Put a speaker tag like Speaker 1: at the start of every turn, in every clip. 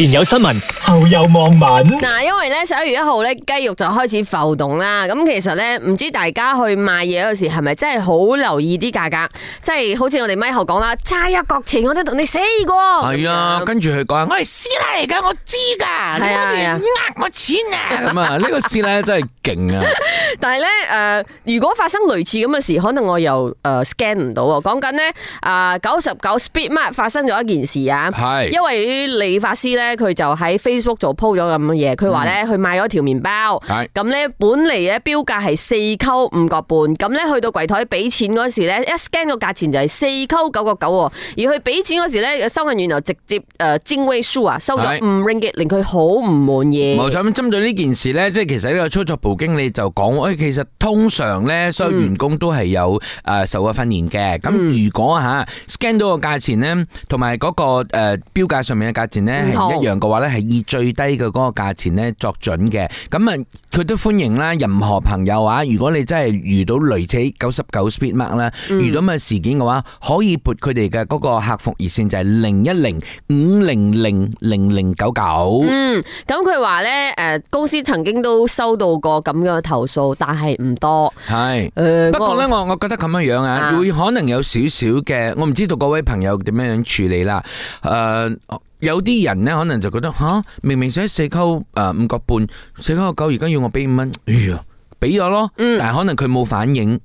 Speaker 1: 前有新聞，後有網民。
Speaker 2: 嗱，因為咧十一月一號咧，雞肉就開始浮動啦。咁其實咧，唔知大家去買嘢嗰時，係咪真係好留意啲價格？即係好似我哋咪後講啦，差一角錢我都同你死過。係
Speaker 1: 啊，跟住佢
Speaker 2: 講，我係師奶嚟噶，我知噶，你今年要呃我錢啊！咁啊，呢個師奶真係勁啊！但係咧，誒，如果發生類似咁嘅事，可能我又誒 scan 唔到。講緊咧，誒九十九 speed mark 發生咗一件事啊，係因為啲理髮師咧。佢就喺 Facebook 做 po 咗咁嘅嘢，佢話咧佢買咗條麵包，咁、嗯、咧本嚟，呢標價係四勾五角半，咁咧去到櫃台俾錢嗰時咧一 scan 個價錢就係四勾九個九，而去俾錢嗰時咧收銀員就直接誒蒸威數啊收咗五 ringgit 令佢好唔滿意。冇
Speaker 1: 錯，針對呢件事咧，即係其實呢個操作部經理就講，誒其實通常咧所有員工都係有誒受過訓練嘅，咁、嗯嗯、如果吓 scan 到個價錢呢，同埋嗰個誒標價上面嘅價錢呢。係樣嘅話咧，係以最低嘅嗰個價錢咧作準嘅。咁啊，佢都歡迎啦。任何朋友啊，如果你真係遇到類似九十九 Speed Mark 啦,遇到咁嘅事件嘅話，可以撥佢哋嘅嗰個客服熱線，就係零一零五零零零零九九。嗯，
Speaker 2: 咁佢話咧，誒，公司曾經都收到過咁樣嘅投訴，但係唔多。
Speaker 1: 係，誒，不過咧，我我覺得咁樣樣啊，會可能有少少嘅，我唔知道各位朋友點樣樣處理啦。誒。有啲人呢，可能就覺得吓、啊，明明寫四個、呃、五個半，四個九，而家要我畀五蚊，哎呀！俾咗咯，但係可能佢冇反應。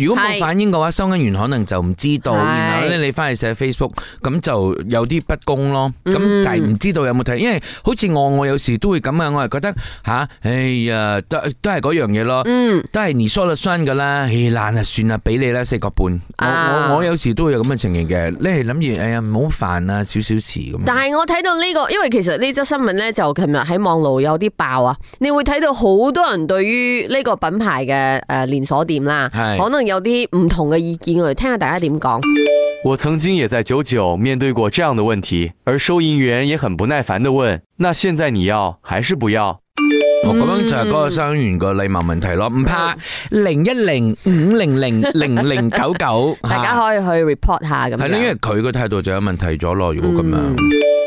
Speaker 1: 如果冇反應嘅話，收銀員可能就唔知道。然後咧，你翻去寫 Facebook，咁就有啲不公咯。咁就係唔知道有冇睇，因為好似我我有時都會咁啊，我係覺得吓、啊，哎呀，都都係嗰樣嘢咯，嗯、都係、哎、resolution 噶啦，誒爛啊算啦，俾你啦，四個半。我我，我，我有時都會有咁嘅情形嘅，你係諗住哎呀唔好煩啊，少少事
Speaker 2: 咁。但係我睇到呢個，因為其實呢則新聞咧就琴日喺網路有啲爆啊，你會睇到好多人對於呢個。個品牌嘅誒連鎖店啦，可能有啲唔同嘅意見，我哋聽下大家點講。
Speaker 1: 我曾經也在九九面對過這樣的問題，而收銀員也很不耐煩的問：，那現在你要還是不要？
Speaker 2: 我咁樣就講上
Speaker 1: 云嘅禮貌問題咯，唔、嗯、怕零一零五零零零零九九，嗯、 大家可
Speaker 2: 以去 report 下咁、嗯、樣。係，因為
Speaker 1: 佢個態度就有問題咗咯，如果咁樣。嗯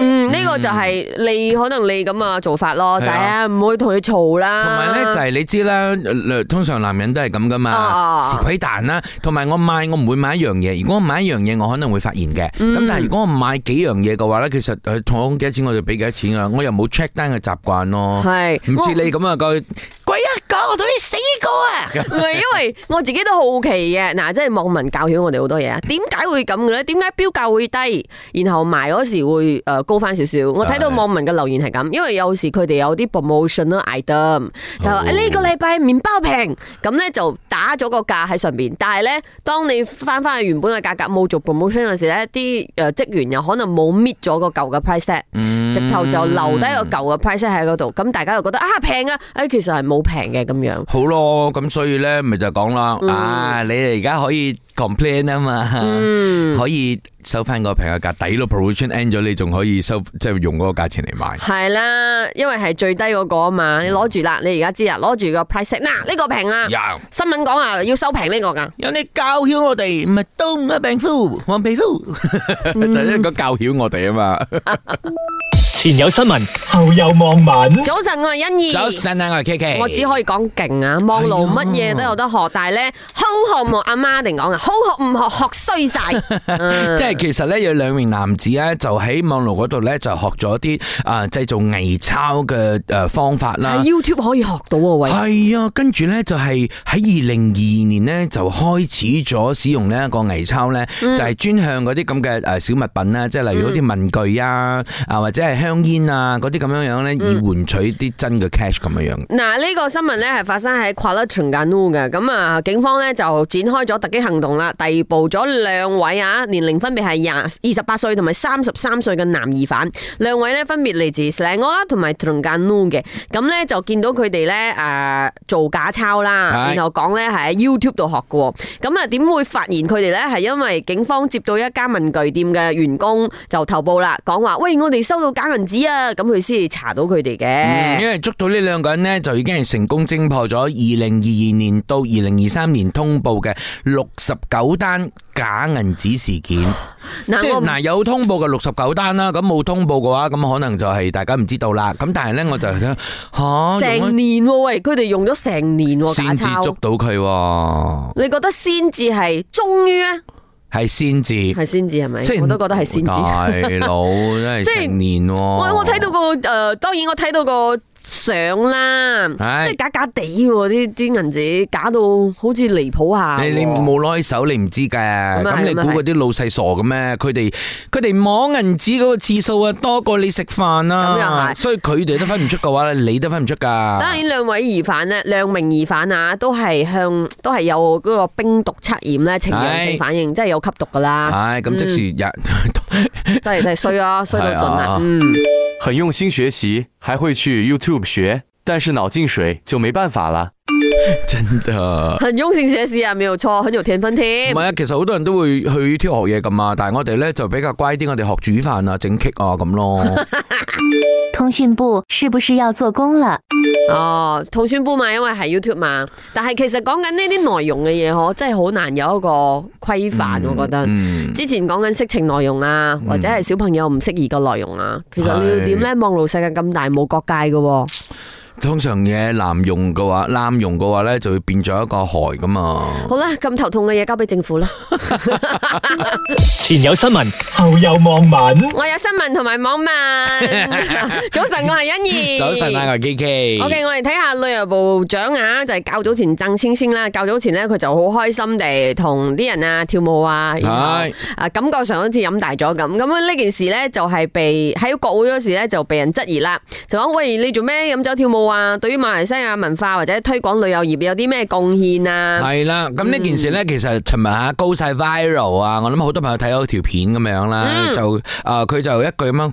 Speaker 2: 嗯，呢個就係你可能你咁嘅做法咯，就係啊唔會同佢嘈啦。同埋咧就係你
Speaker 1: 知啦，通常男人都係咁噶嘛，食鬼蛋啦。同埋我買，我唔會買一樣嘢。如果我買一樣嘢，我可能會發現嘅。咁但係如果我買幾樣嘢嘅話咧，其實誒，同我幾多錢我就俾幾多錢啊。我又冇 check 單嘅習慣咯，係唔似你咁啊個
Speaker 2: 鬼啊！我同你死過啊！唔 係樂 因為我自己都好奇嘅，嗱，即係網民教曉我哋好多嘢啊！點解會咁嘅咧？點解標價會低，然後賣嗰時候會誒高翻少少？我睇到網民嘅留言係咁，因為有時佢哋有啲 promotion 啦、啊、item，就呢、oh. 啊這個禮拜麵包平，咁咧就打咗個價喺上邊。但係咧，當你翻翻去原本嘅價格冇做 promotion 嘅時咧，啲誒職員又可能冇搣咗個舊嘅 price set，、
Speaker 1: mm. 直頭就留低個
Speaker 2: 舊嘅 price 喺嗰度，咁大家又覺得啊平啊，誒、啊、其實係冇平嘅咁。好
Speaker 1: 咯，咁所以咧，咪就講啦，啊，你哋而家可以 complain 啊嘛，可以收翻個平嘅價底咯，promotion end 咗，你仲可以收，即係用嗰個價錢嚟買。係
Speaker 2: 啦，因為係最低嗰個啊嘛，你攞住啦，你而家知啊，攞住個 price，嗱，呢個平啊，新聞講啊，要收平呢個噶，有你教曉我哋，唔係東亞病夫，我病夫，
Speaker 1: 第一個教曉我哋啊嘛。前有新聞，後有網民。早
Speaker 2: 晨，我係欣怡。早晨我係 Kiki。我只可以講勁啊！網路乜嘢都有得學，哎、但係咧，好學我阿媽定講啊，好學唔學學衰晒。嗯、 即係
Speaker 1: 其實咧，有兩名男子咧，就喺網路嗰度咧，就學咗啲啊製造偽鈔嘅誒方法啦。
Speaker 2: YouTube 可以學
Speaker 1: 到啊？喂，係啊，跟住咧就係喺二零二年呢，就開始咗使用抄呢一個偽鈔咧，就係、是、專向嗰啲咁嘅誒小物品啦，即係例如啲文具啊，啊或者係。香煙啊，嗰啲咁樣樣咧，以換取啲真嘅 cash 咁樣樣。
Speaker 2: 嗱，呢個新聞咧係發生喺瓜拉登嘉樓嘅，咁啊，警方咧就展開咗突擊行動啦，逮捕咗兩位啊，年齡分別係廿二十八歲同埋三十三歲嘅男疑犯。兩位咧分別嚟自雪蘭莪同埋登嘉樓嘅，咁咧就見到佢哋咧誒做假鈔啦，然後講咧係喺 YouTube 度學嘅。咁啊，點會發現佢哋咧係因為警方接到一家文具店嘅員工就投報啦，講話喂，我哋收到假嘅。銀紙啊，咁佢先至查到佢哋嘅。嗯，
Speaker 1: 因為捉到呢兩個人咧，就已經係成功偵破咗二零二二年到二零二三年通報嘅六十九單假銀紙事件。即係嗱，有通報嘅六十九單啦，咁冇通報嘅話，咁可能就係大家唔知道啦。咁但係咧，我就係睇吓成
Speaker 2: 年，喂，佢哋用咗成年先至捉
Speaker 1: 到佢。
Speaker 2: 你覺得先至係終於啊？
Speaker 1: 係先至，
Speaker 2: 係先至，係咪？即係我都覺得係先至，大佬
Speaker 1: 即係成年喎、啊。我我睇
Speaker 2: 到個誒、呃，當然我睇到個。上啦，即係假假地喎啲啲銀紙假到好似離譜下。你你
Speaker 1: 冇攞起手你唔知噶，咁你估嗰啲老細傻嘅咩？佢哋佢哋摸銀紙嗰個次數啊，多過你食飯啦。咁又係，所以佢哋都分唔出嘅話 你都分唔出噶。當
Speaker 2: 然，兩位疑犯呢，兩名疑犯啊，都係向都係有嗰個冰毒測驗咧，呈陽性反應，即係有吸毒噶啦。係咁，即、嗯、 真係日真係衰啊，衰到盡啊，嗯。
Speaker 1: 很用心學習，還會去 YouTube 學，但是腦進水就沒辦法了。真的，
Speaker 2: 很用心寫事啊，沒有錯，很有天分添。唔
Speaker 1: 係啊，其實好多人都會去挑學嘢咁啊，但係我哋咧就比較乖啲，我哋學煮飯啊、整 cake 啊咁
Speaker 2: 咯。 通訊部是不是要做工了？哦，通訊部嘛，因為係 YouTube 嘛。但係其實講緊呢啲內容嘅嘢，嗬，真係好難有一個規範、嗯。我覺得、嗯、之前講緊色情內容啊，嗯、或者係小朋友唔適宜嘅內容啊，嗯、其實要點咧？望路世界咁大，冇國界嘅、啊。
Speaker 1: 通常嘢濫用嘅話，濫用嘅話咧，就會變咗一個害噶嘛。
Speaker 2: 好啦，咁頭痛嘅嘢交俾政府啦。
Speaker 1: 前有新聞，後有網民。
Speaker 2: 我有新聞同埋網民。早晨，我係欣怡。早晨，我
Speaker 1: 係 K K。O K，
Speaker 2: 我哋睇下旅遊部長啊，就係較早前鄭千千啦。較早前咧，佢就好開心地同啲人啊跳舞啊，啊感覺上好似飲大咗咁。咁啊呢件事咧就係被喺國會嗰時咧就被人質疑啦，就講喂，你做咩飲酒跳舞？對於馬來西亞文化或者推廣旅遊業有啲咩貢獻啊？係啦，咁呢件事
Speaker 1: 呢，嗯、其實尋日吓高晒 viral 啊，我諗好多朋友睇到條片咁樣啦，嗯、就啊佢、呃、就一句咁樣。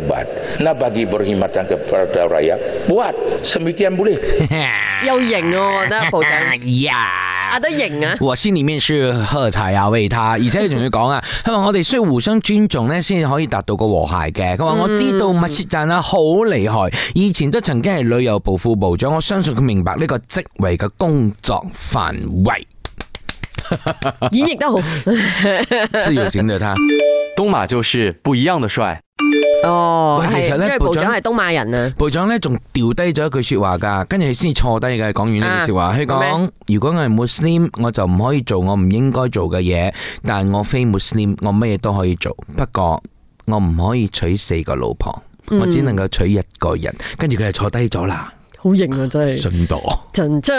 Speaker 1: 又型 a、啊、我 i 得 e r
Speaker 2: h i m i t 部長。 yeah. 啊呀，有型啊。我
Speaker 1: 心裏面需要喝彩啊，為他，而且你仲要講啊，佢話我哋需要互相尊重呢，先可以達到個和諧嘅。佢話我知道密切生啊，好厲害，以前都曾經係旅遊部副部長，我相信佢明白呢個職位嘅工作範圍。
Speaker 2: 演繹得好， 是有型
Speaker 1: 的他，東馬就是不一樣的帥。哦，其實咧部長係東馬人啊，部長咧仲掉低咗一句說話噶，跟住佢先至坐低嘅。講完呢句說話，佢講、啊：如果我係 Muslim，我就唔可以做我唔應該做嘅嘢；但係我非 Muslim，我乜嘢都可以做。不過我唔可以娶四個老婆，我只能夠娶一個人。跟住佢係坐低咗啦，
Speaker 2: 好型啊，真係。信度，陳張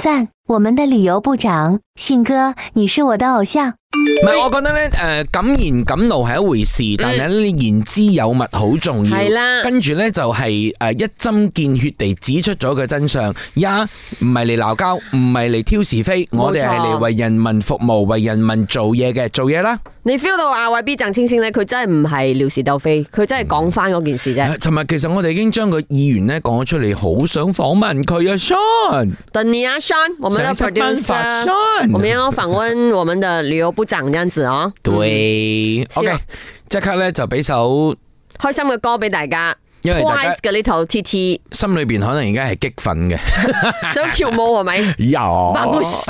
Speaker 2: 真。 我們的旅遊部長信哥，你是我的偶像。
Speaker 1: 唔係，我覺得咧，誒、呃，敢言敢怒係一回事，但係咧，你言之有物好重要。係、嗯、啦，跟住咧就係、是、誒一針見血地指出咗個真相，呀，唔係嚟鬧交，唔係嚟挑是非，我哋係嚟為人民服務，為人民做嘢嘅，做嘢啦。
Speaker 2: 你 feel 到阿偉 B 鄭青先咧，佢真係唔係撩事鬥非，佢真係講翻嗰件事啫。尋
Speaker 1: 日其實我哋已經將個議員咧講咗出嚟，好想訪問佢啊 Shawn，
Speaker 2: 等你啊 Shawn，我。我們要訪問我們的旅遊部長，這樣子哦。對
Speaker 1: 嗯、，OK，即刻咧就俾首
Speaker 2: 開心嘅歌俾大家。Twice 嘅呢套 T T，
Speaker 1: 心裏邊可能而家係激憤嘅，
Speaker 2: 想 跳舞係咪？
Speaker 1: 有，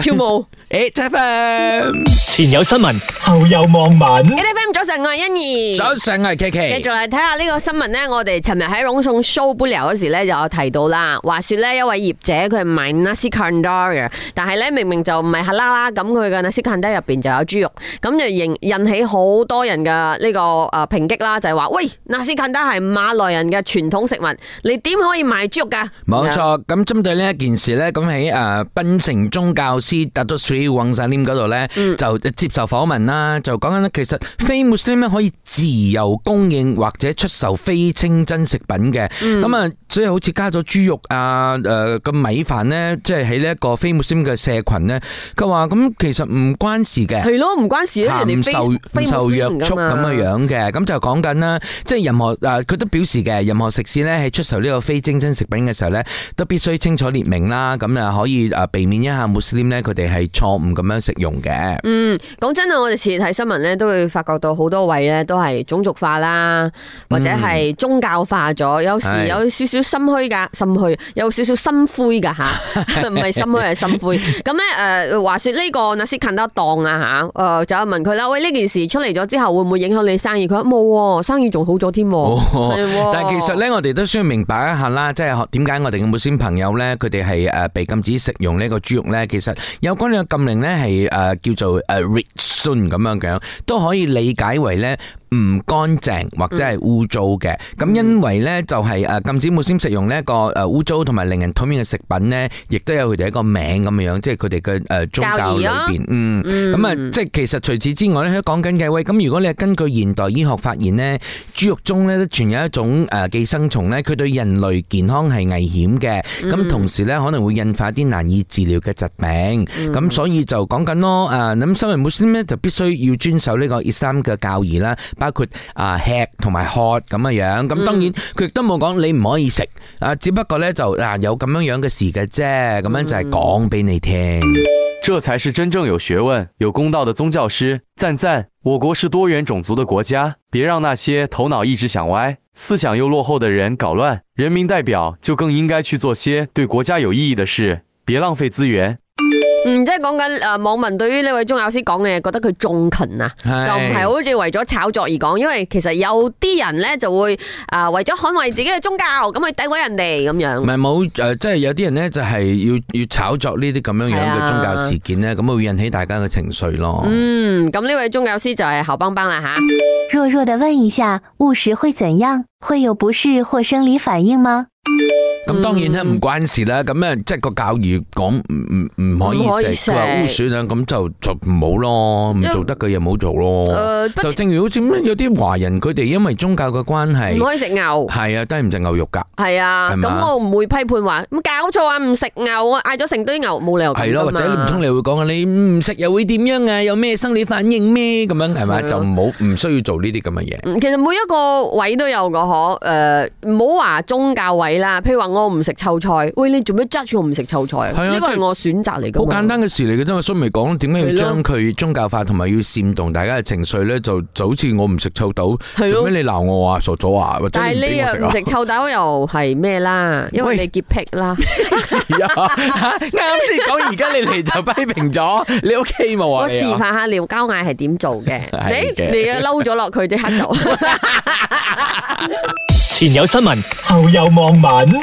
Speaker 1: 跳舞。
Speaker 2: 誒，F
Speaker 1: M 前有新聞，後有網
Speaker 2: 民。F M 早晨，我係欣宜。早晨，我係琪琪。繼續嚟睇下呢個新聞咧。我哋尋日喺朗誦 Showbile 嗰時咧，就有提到啦。話說咧，一位業者佢係賣 Nasi Kandar 嘅，但係咧明明就唔係哈啦啦咁，佢嘅 Nasi Kandar 入邊就有豬肉，咁就引引起好多人嘅呢個誒抨擊啦。就係話，喂，Nasi Kandar 係馬來人嘅傳統食物，你點可以賣豬肉噶？冇錯。
Speaker 1: 咁針對呢一件事咧，咁喺誒檳城宗教司 Dato' Seri。佢揾曬穆斯林嗰度咧，就接受訪問啦，就講緊咧，其實非穆斯林可以自由供應或者出售非清真食品嘅。咁、嗯、啊，所以好似加咗豬肉啊，誒、呃、個米飯咧，即係喺呢一個非穆斯林嘅社群咧，佢話咁其實唔關事嘅，係
Speaker 2: 咯，唔關事咧，人哋唔受唔受約束咁嘅
Speaker 1: 樣嘅，咁就講緊啦，即、就、係、是、任何誒佢、呃、都表示嘅，任何食肆咧喺出售呢個非清真食品嘅時候咧，都必須清楚列明啦，咁啊可以啊避免一下穆斯林咧佢哋係錯我唔咁樣食用嘅。
Speaker 2: 嗯，講真啊，我哋前日睇新聞咧，都會發覺到好多位咧都係種族化啦，或者係宗教化咗、嗯。有時有少少心虛噶，心虛有少少心灰噶吓，唔 係心虛係心灰。咁咧誒，話說呢、這個那些近得檔啊吓，誒、呃、就問佢啦，喂，呢件事出嚟咗之後，會唔會影響你生意？佢話冇，生意仲好咗添、啊。係、哦啊，但係其實
Speaker 1: 咧，我哋都需要明白一下啦，即係點解我哋嘅穆斯林朋友咧，佢哋係誒被禁止食用個豬呢個豬肉咧。其實有觀令咧係誒叫做誒 rich soon 咁樣樣，都可以理解為咧。唔乾淨或者係污糟嘅。咁、嗯、因為咧就係誒禁止穆斯林食用呢一個誒污糟同埋令人討厭嘅食品咧，亦都有佢哋一個名咁樣樣，即係佢哋嘅誒宗教裏邊、哦，嗯，咁啊即係其實除此之外咧，喺講緊嘅喂，咁如果你係根據現代醫學發現咧，豬肉中咧都存有一種誒寄生蟲咧，佢對人類健康係危險嘅。咁、嗯、同時咧可能會引發一啲難以治療嘅疾病，咁、嗯、所以就講緊咯，誒，咁身為穆斯林咧就必須要遵守呢個伊斯蘭嘅教義啦。包括啊吃同埋喝咁嘅樣，咁當然佢亦都冇講你唔可以食啊、嗯，只不過咧就嗱有咁樣樣嘅事嘅啫，咁、嗯、樣就係講俾你聽。這才是真正有學問、有公道的宗教師，讚讚！我國是多元種族的國家，別讓那些頭腦一直想歪、思想又落後的人搞亂，人民代表就更應該去做些對國家有意義的事，別浪費資源。
Speaker 2: 嗯，即係講緊誒，網民對於呢位宗教師講嘅嘢，覺得佢縱勤啊，是就唔係好似為咗炒作而講，因為其實有啲人咧就會誒、呃、為咗捍衛自己嘅宗教，咁去詆毀人哋咁樣。唔
Speaker 1: 係冇誒，即係有啲人咧就係要要炒作呢啲咁樣樣嘅宗教事件咧，咁、啊、會引起大家嘅情緒咯。
Speaker 2: 嗯，咁呢位宗教師就係好邦邦啦吓。弱弱地問一下，誤食會怎樣？會有不適或生理反應嗎？咁當然啦，唔關
Speaker 1: 事啦。咁啊，即係個教義講唔唔唔可以食，佢話污損啊，咁就就唔好咯，唔做得嘅嘢唔好做咯。誒，就正如好似咁樣，有啲華人佢哋因為宗教嘅關係，唔可以食牛。係啊，都係唔食牛肉噶。係啊，咁我唔
Speaker 2: 會批判話咁搞錯啊，唔食牛啊，嗌咗成堆牛冇理由。係咯，或者唔通你
Speaker 1: 會講啊？你唔食又會點
Speaker 2: 樣啊？有咩生理反應
Speaker 1: 咩？咁樣係咪？就唔好唔需要做呢啲咁嘅嘢。
Speaker 2: 其實每一個位都有個可誒，唔好話宗教位啦。譬如話我。我唔食臭菜，喂你做咩 judge 我唔食臭菜啊？呢個係我選擇嚟嘅。好簡
Speaker 1: 單嘅事嚟嘅啫嘛，所以咪講點解要將佢宗教化同埋要煽動大家嘅情緒咧？就就好似我唔食臭豆，做咩你鬧我話傻左啊？但係你又唔食
Speaker 2: 臭豆，又係咩啦？因為你潔癖啦。
Speaker 1: 啱先講而家你嚟就批評咗你屋企冇啊？我示範
Speaker 2: 下廖嘉毅係點做嘅，你你啊嬲咗落去即刻走。
Speaker 1: 前有新聞，後有網民。